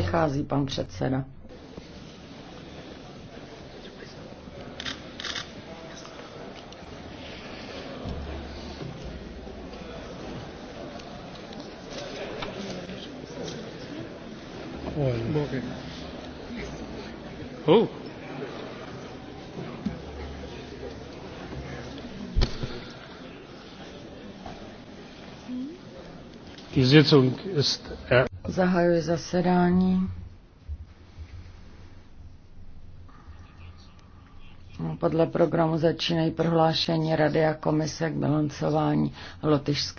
přichází pan předseda. Oh. Die Sitzung ist eröffnet. Zahajuji zasedání. No, podle programu začínají prohlášení Rady a komise k balancování lotyšské.